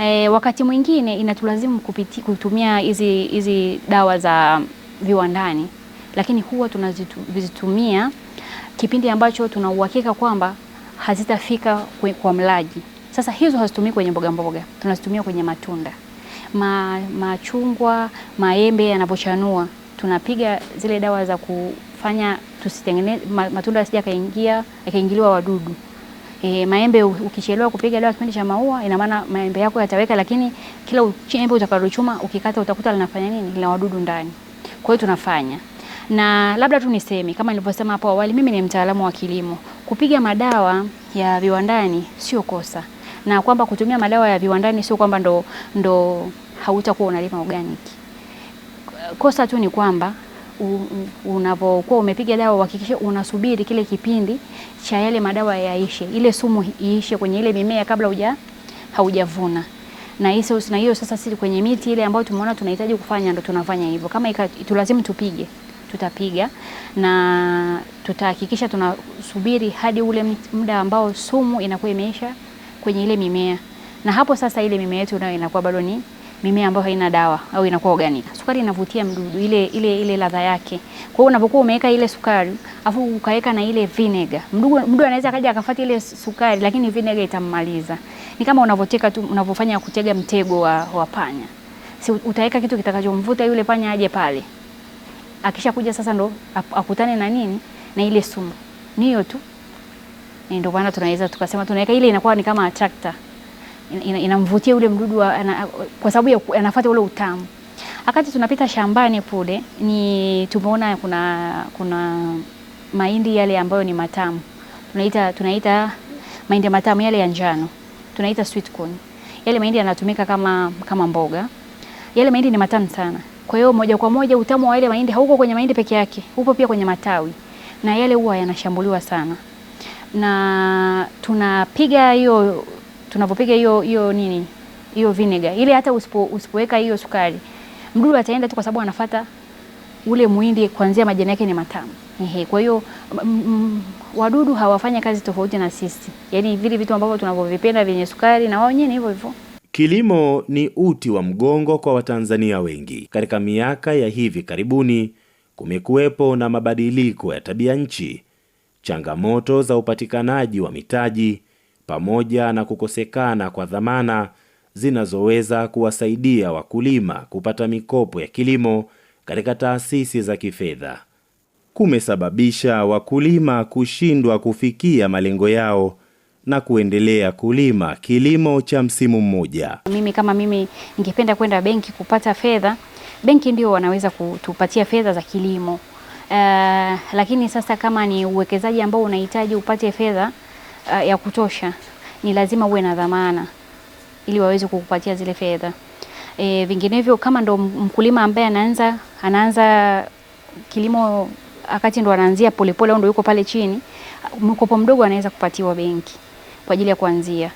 E, wakati mwingine inatulazimu kupiti, kutumia hizi hizi dawa za viwandani, lakini huwa tunazitumia kipindi ambacho tuna uhakika kwamba hazitafika kwa, kwa mlaji. Sasa hizo hazitumii kwenye mboga mboga, tunazitumia kwenye matunda ma, machungwa, maembe yanapochanua tunapiga zile dawa za kufanya tusitengeneze matunda yasija kaingia yakaingiliwa wadudu. E, maembe ukichelewa kupiga leo kipindi cha maua, ina maana maembe yako yataweka, lakini kila embe utakalochuma ukikata utakuta linafanya nini? Lina wadudu ndani. Kwa hiyo tunafanya na labda tu niseme kama nilivyosema hapo awali, mimi ni mtaalamu wa kilimo. Kupiga madawa ya viwandani sio kosa, na kwamba kutumia madawa ya viwandani sio kwamba ndo, ndo hautakuwa unalima organic. Kosa tu ni kwamba unapokuwa umepiga dawa uhakikishe unasubiri kile kipindi cha yale madawa yaishe, ile sumu iishe kwenye ile mimea kabla uja, haujavuna na hiyo na hiyo sasa, sisi kwenye miti ile ambayo tumeona tunahitaji kufanya ndo tunafanya hivyo. Kama itulazimu tupige, tutapiga na tutahakikisha tunasubiri hadi ule muda ambao sumu inakuwa imeisha kwenye ile mimea, na hapo sasa ile mimea yetu nayo inakuwa bado ni mimea ambayo haina dawa au inakuwa organic. Sukari inavutia mdudu ile ile ile ladha yake. Kwa hiyo unapokuwa umeweka ile sukari, afu ukaweka na ile vinegar. Mdudu mdudu anaweza kaja akafuata ile sukari lakini vinegar itammaliza. Ni kama unavoteka tu unavofanya kutega mtego wa, wa panya. Si utaweka kitu kitakachomvuta yule panya aje pale. Akishakuja sasa ndo akutane na nini? Na ile sumu. Niyo tu. Ndio maana tunaweza tukasema tunaweka ile inakuwa ni kama attractor inamvutia ule mdudu ana, kwa sababu anafuata ule utamu. Wakati tunapita shambani pule ni tumeona kuna, kuna mahindi yale ambayo ni matamu tunaita, tunaita mahindi matamu yale ya njano tunaita sweet corn. Yale mahindi yanatumika kama, kama mboga. Yale mahindi ni matamu sana, kwa hiyo moja kwa moja utamu wa yale mahindi hauko kwenye mahindi peke yake, upo pia kwenye matawi, na yale huwa yanashambuliwa sana, na tunapiga hiyo tunapopiga hiyo hiyo nini hiyo vinegar ile, hata usipo usipoweka hiyo sukari, mdudu ataenda tu, kwa sababu anafuata ule muhindi kuanzia majani yake ni matamu. Ehe, kwa hiyo mm, mm, wadudu hawafanya kazi tofauti na sisi, yaani vile vitu ambavyo tunavyovipenda vyenye sukari, na wao wenyewe ni hivyo hivyo. Kilimo ni uti wa mgongo kwa Watanzania wengi. Katika miaka ya hivi karibuni, kumekuwepo na mabadiliko ya tabia nchi, changamoto za upatikanaji wa mitaji pamoja na kukosekana kwa dhamana zinazoweza kuwasaidia wakulima kupata mikopo ya kilimo katika taasisi za kifedha kumesababisha wakulima kushindwa kufikia malengo yao na kuendelea kulima kilimo cha msimu mmoja. Mimi kama mimi ningependa kwenda benki kupata fedha, benki ndio wanaweza kutupatia fedha za kilimo. Uh, lakini sasa kama ni uwekezaji ambao unahitaji upate fedha Eh, ya kutosha, ni lazima uwe na dhamana ili waweze kukupatia zile fedha. E, vinginevyo kama ndo mkulima ambaye anaanza anaanza kilimo akati ndo anaanzia polepole au ndo yuko pale chini, mkopo mdogo anaweza kupatiwa benki kwa ajili ya kuanzia,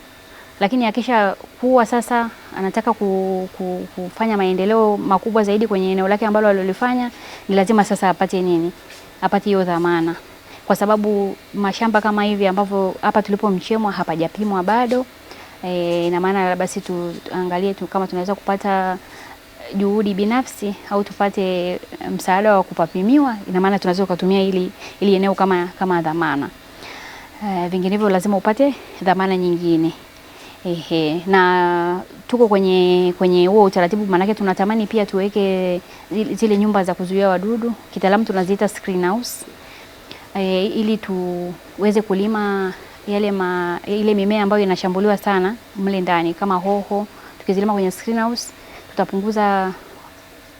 lakini akisha kuwa sasa anataka ku, ku, kufanya maendeleo makubwa zaidi kwenye eneo lake ambalo alilifanya, ni lazima sasa apate nini, apate hiyo dhamana kwa sababu mashamba kama hivi ambavyo hapa tulipo Mchemwa hapajapimwa bado e, na maana labda si tuangalie tu kama tunaweza kupata juhudi binafsi au tupate msaada wa kupapimiwa. Ina maana tunaweza kutumia ili ili eneo kama kama dhamana e, vinginevyo lazima upate dhamana nyingine. Ehe, na tuko kwenye kwenye huo utaratibu, maanake tunatamani pia tuweke zile nyumba za kuzuia wadudu, kitaalamu tunaziita screen house e, ili tuweze kulima yale ma, ile mimea ambayo inashambuliwa sana mle ndani kama hoho, tukizilima kwenye greenhouse tutapunguza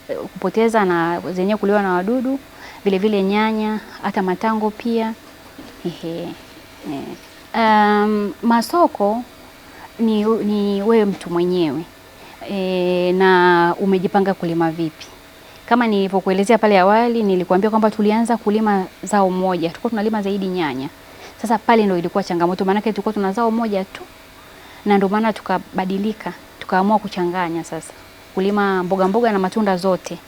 eh, kupoteza na zenyewe kuliwa na wadudu, vilevile vile nyanya, hata matango pia. Ehe. Eh, um, masoko ni, ni wewe mtu mwenyewe e, na umejipanga kulima vipi? Kama nilivyokuelezea pale awali, nilikuambia kwamba tulianza kulima zao moja, tulikuwa tunalima zaidi nyanya. Sasa pale ndio ilikuwa changamoto, maana tulikuwa tuna zao moja tu, na ndio maana tukabadilika, tukaamua kuchanganya sasa kulima mboga mboga na matunda zote.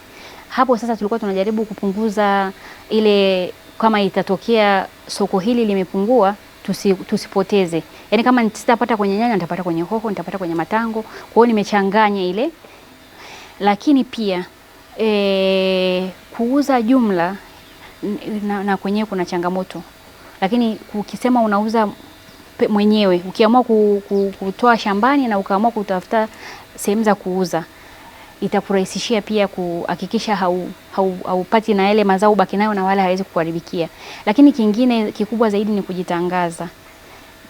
Hapo sasa tulikuwa tunajaribu kupunguza ile, kama itatokea soko hili limepungua tusi, tusipoteze. yani, kama sitapata kwenye nyanya nitapata kwenye hoho, nitapata kwenye matango. Kwa hiyo nimechanganya ile, lakini pia e, kuuza jumla na, na kwenyewe kuna changamoto, lakini ukisema unauza mwenyewe ukiamua ku, ku, kutoa shambani na ukaamua kutafuta sehemu za kuuza itakurahisishia pia kuhakikisha haupati hau, hau na yale mazao ubaki nayo na wale hawezi kukuharibikia. Lakini kingine kikubwa zaidi ni kujitangaza,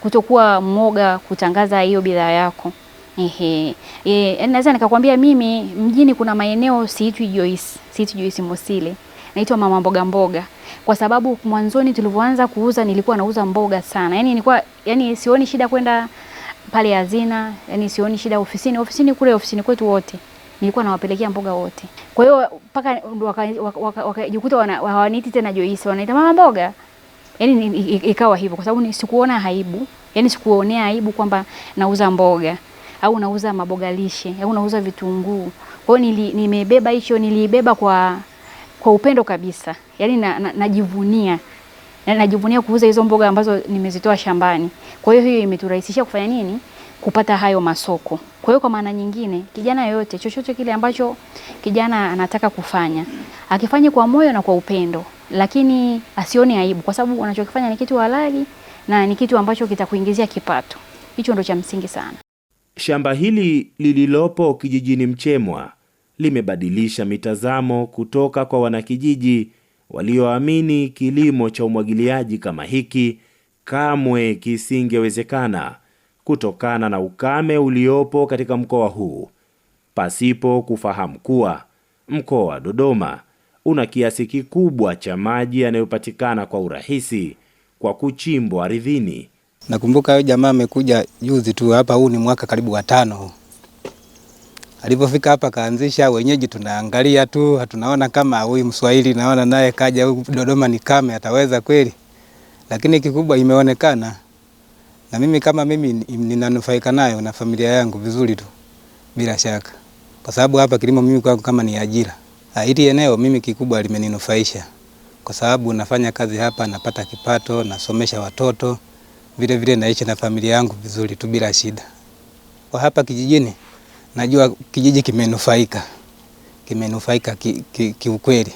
kutokuwa mwoga kutangaza hiyo bidhaa yako. Ehe. E, naweza nikakwambia mimi mjini kuna maeneo siitwi Joyce, siitwi Joyce Mosile. Naitwa mama mboga mboga. Kwa sababu mwanzoni tulivyoanza kuuza nilikuwa nauza mboga sana. Yaani nilikuwa yani sioni shida kwenda pale hazina, yani sioni shida ofisini. Ofisini kule ofisini kwetu wote. Nilikuwa nawapelekea mboga wote. Kwa hiyo mpaka wakajikuta waka, waka, hawaniiti tena Joyce, wanaita mama mboga. Yaani ikawa hivyo kwa sababu sikuona aibu. Yaani sikuonea aibu kwamba nauza mboga au unauza maboga lishe au unauza vitunguu. Kwa hiyo nili, nimebeba hicho nilibeba kwa, kwa upendo kabisa, yaani najivunia na, na na najivunia kuuza hizo mboga ambazo nimezitoa shambani. Kwa hiyo hiyo imeturahisishia kufanya nini? Kupata hayo masoko. Kwa hiyo kwa maana nyingine, kijana yoyote chochote kile ambacho kijana anataka kufanya, akifanye kwa moyo na kwa upendo, lakini asione aibu kwa sababu unachokifanya ni kitu halali na ni kitu ambacho kitakuingizia kipato. Hicho ndo cha msingi sana. Shamba hili lililopo kijijini Mchemwa limebadilisha mitazamo kutoka kwa wanakijiji walioamini kilimo cha umwagiliaji kama hiki kamwe kisingewezekana kutokana na ukame uliopo katika mkoa huu, pasipo kufahamu kuwa mkoa wa Dodoma una kiasi kikubwa cha maji yanayopatikana kwa urahisi kwa kuchimbwa ardhini Nakumbuka huyo jamaa amekuja juzi tu hapa, huu ni mwaka karibu wa tano. Alipofika hapa kaanzisha wenyeji, tunaangalia tu, hatunaona kama huyu Mswahili naona naye kaja huku Dodoma ni kame, ataweza kweli? Lakini kikubwa imeonekana, na mimi kama mimi ninanufaika nayo na familia yangu vizuri tu, bila shaka, kwa sababu hapa kilimo mimi kwangu kama ni ajira. Ah, hili eneo mimi kikubwa limeninufaisha kwa sababu nafanya kazi hapa, napata kipato, nasomesha watoto vile vile naishi na familia yangu vizuri tu bila shida. Kwa hapa kijijini najua kijiji kimenufaika, kimenufaika kiukweli ki, ki,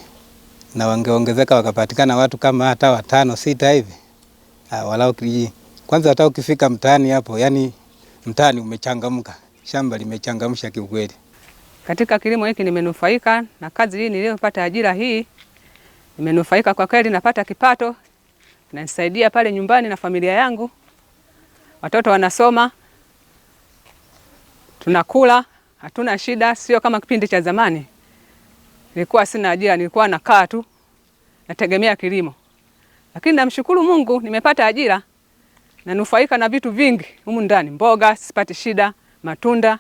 na wangeongezeka wakapatikana watu kama hata watano sita hivi ah, walau kijiji kwanza, hata ukifika mtaani hapo, yani mtaani umechangamka, shamba limechangamsha kiukweli. Katika kilimo hiki nimenufaika na kazi hii niliyopata, ajira hii nimenufaika kwa kweli, napata kipato nanisaidia pale nyumbani na familia yangu, watoto wanasoma, tunakula, hatuna shida, sio kama kipindi cha zamani. Nilikuwa sina ajira, nilikuwa nakaa tu nategemea kilimo, lakini namshukuru Mungu nimepata ajira, nanufaika na vitu vingi humu ndani, mboga sipati shida, matunda,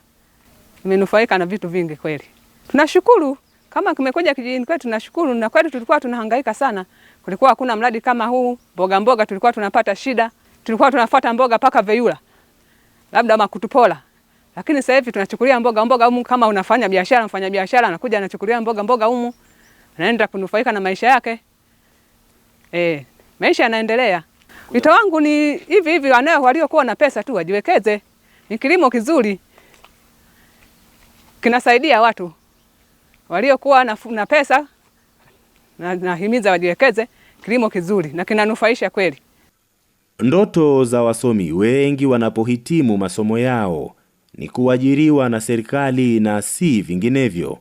nimenufaika na vitu vingi kweli, tunashukuru. Kama kimekuja kijijini kwetu tunashukuru, na kwetu tulikuwa tunahangaika sana, kulikuwa hakuna mradi kama huu. Mboga mboga tulikuwa tunapata shida, tulikuwa tunafuata mboga paka Veyula, labda Makutupola, lakini sasa hivi tunachukulia mboga mboga humu. Kama unafanya biashara, mfanya biashara anakuja anachukulia mboga mboga humu, anaenda kunufaika na maisha yake. Eh, maisha yanaendelea. Wito wangu ni hivi hivi, wanao waliokuwa na pesa tu wajiwekeze, ni kilimo kizuri kinasaidia watu waliokuwa na, na pesa na, nahimiza wajiwekeze kilimo kizuri na kinanufaisha kweli. Ndoto za wasomi wengi wanapohitimu masomo yao ni kuajiriwa na serikali na si vinginevyo.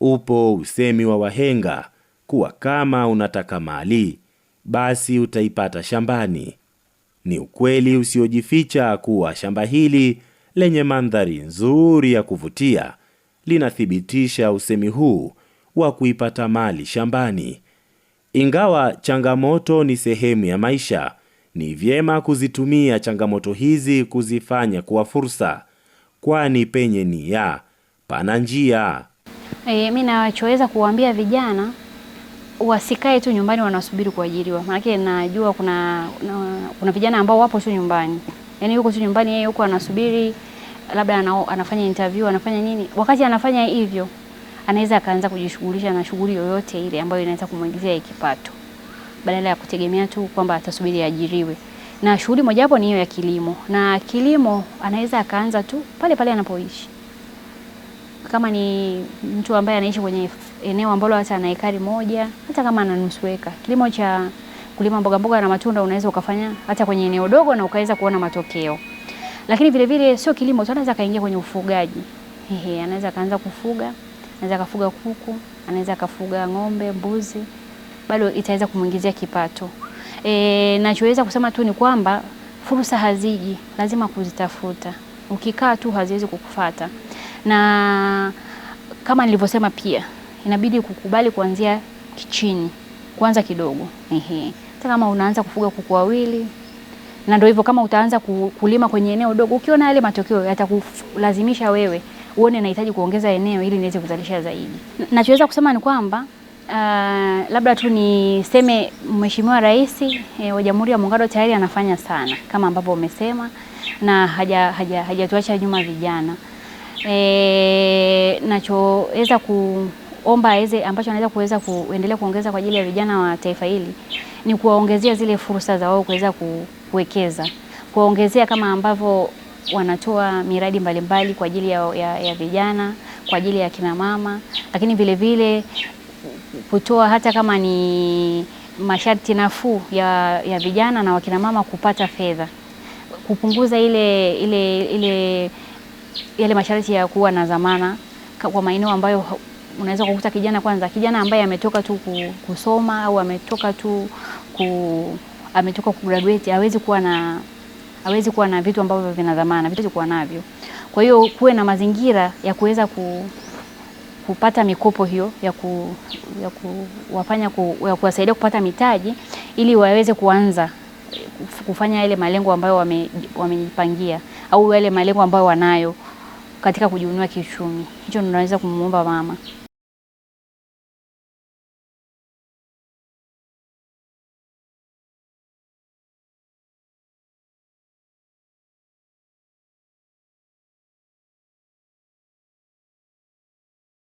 Upo usemi wa wahenga kuwa kama unataka mali basi utaipata shambani. Ni ukweli usiojificha kuwa shamba hili lenye mandhari nzuri ya kuvutia linathibitisha usemi huu wa kuipata mali shambani. Ingawa changamoto ni sehemu ya maisha, ni vyema kuzitumia changamoto hizi kuzifanya kuwa fursa, kwani penye nia pana njia. E, mi nachoweza kuwaambia vijana wasikae tu nyumbani wanasubiri kuajiriwa, maanake najua kuna, kuna, kuna vijana ambao wapo tu nyumbani, yaani yuko tu nyumbani yeye huko anasubiri labda anao, anafanya interview anafanya nini, wakati anafanya hivyo anaweza akaanza kujishughulisha na shughuli yoyote ile ambayo inaweza kumwingizia kipato badala ya kutegemea tu kwamba atasubiri ajiriwe. Na shughuli mojawapo ni hiyo ya kilimo, na kilimo anaweza akaanza tu pale pale anapoishi. Kama ni mtu ambaye anaishi kwenye eneo ambalo hata ana ekari moja, hata kama ana nusu eka, kilimo cha kulima mboga mboga na matunda unaweza ukafanya hata kwenye eneo dogo na ukaweza kuona matokeo. Lakini vile vile sio kilimo tu, anaweza kaingia kwenye ufugaji. Ehe, anaweza kaanza kufuga, anaweza kafuga kuku, anaweza kafuga ng'ombe, mbuzi, bado itaweza kumuingizia kipato. E, nachoweza kusema tu ni kwamba fursa haziji, lazima kuzitafuta. Ukikaa tu haziwezi kukufata, na kama nilivyosema pia inabidi kukubali kuanzia chini, kuanza kidogo. Ehe, hata kama unaanza kufuga kuku wawili na ndio hivyo, kama utaanza kulima kwenye eneo dogo, ukiona yale matokeo yatakulazimisha wewe uone nahitaji kuongeza eneo ili niweze kuzalisha zaidi. Nachoweza kusema ni kwamba uh, labda tu niseme Mheshimiwa Rais e, wa Jamhuri ya Muungano tayari anafanya sana kama ambavyo umesema, na haja hajatuacha nyuma vijana e, nachoweza kuomba omba aweze ambacho anaweza kuweza kuendelea kuongeza kwa ajili ya vijana wa taifa hili ni kuwaongezea zile fursa za wao kuweza ku kuwekeza, kuwaongezea kama ambavyo wanatoa miradi mbalimbali mbali kwa ajili ya, ya, ya vijana kwa ajili ya kina mama, lakini vile vile kutoa hata kama ni masharti nafuu ya, ya vijana na wakina mama kupata fedha, kupunguza ile, ile, ile yale masharti ya kuwa na zamana kwa maeneo ambayo unaweza kukuta kijana kwanza, kijana ambaye ametoka tu kusoma au ametoka tu ku ametoka kugraduate hawezi kuwa na hawezi kuwa na vitu ambavyo vina dhamana, vitu kuwa navyo. Kwa hiyo kuwe na mazingira ya kuweza ku, kupata mikopo hiyo ya, ku, ya, kuwafanya ku, ya kuwasaidia kupata mitaji ili waweze kuanza kufanya yale malengo ambayo wamejipangia wame au yale malengo ambayo wanayo katika kujiunua kiuchumi. Hicho tunaweza kumuomba mama.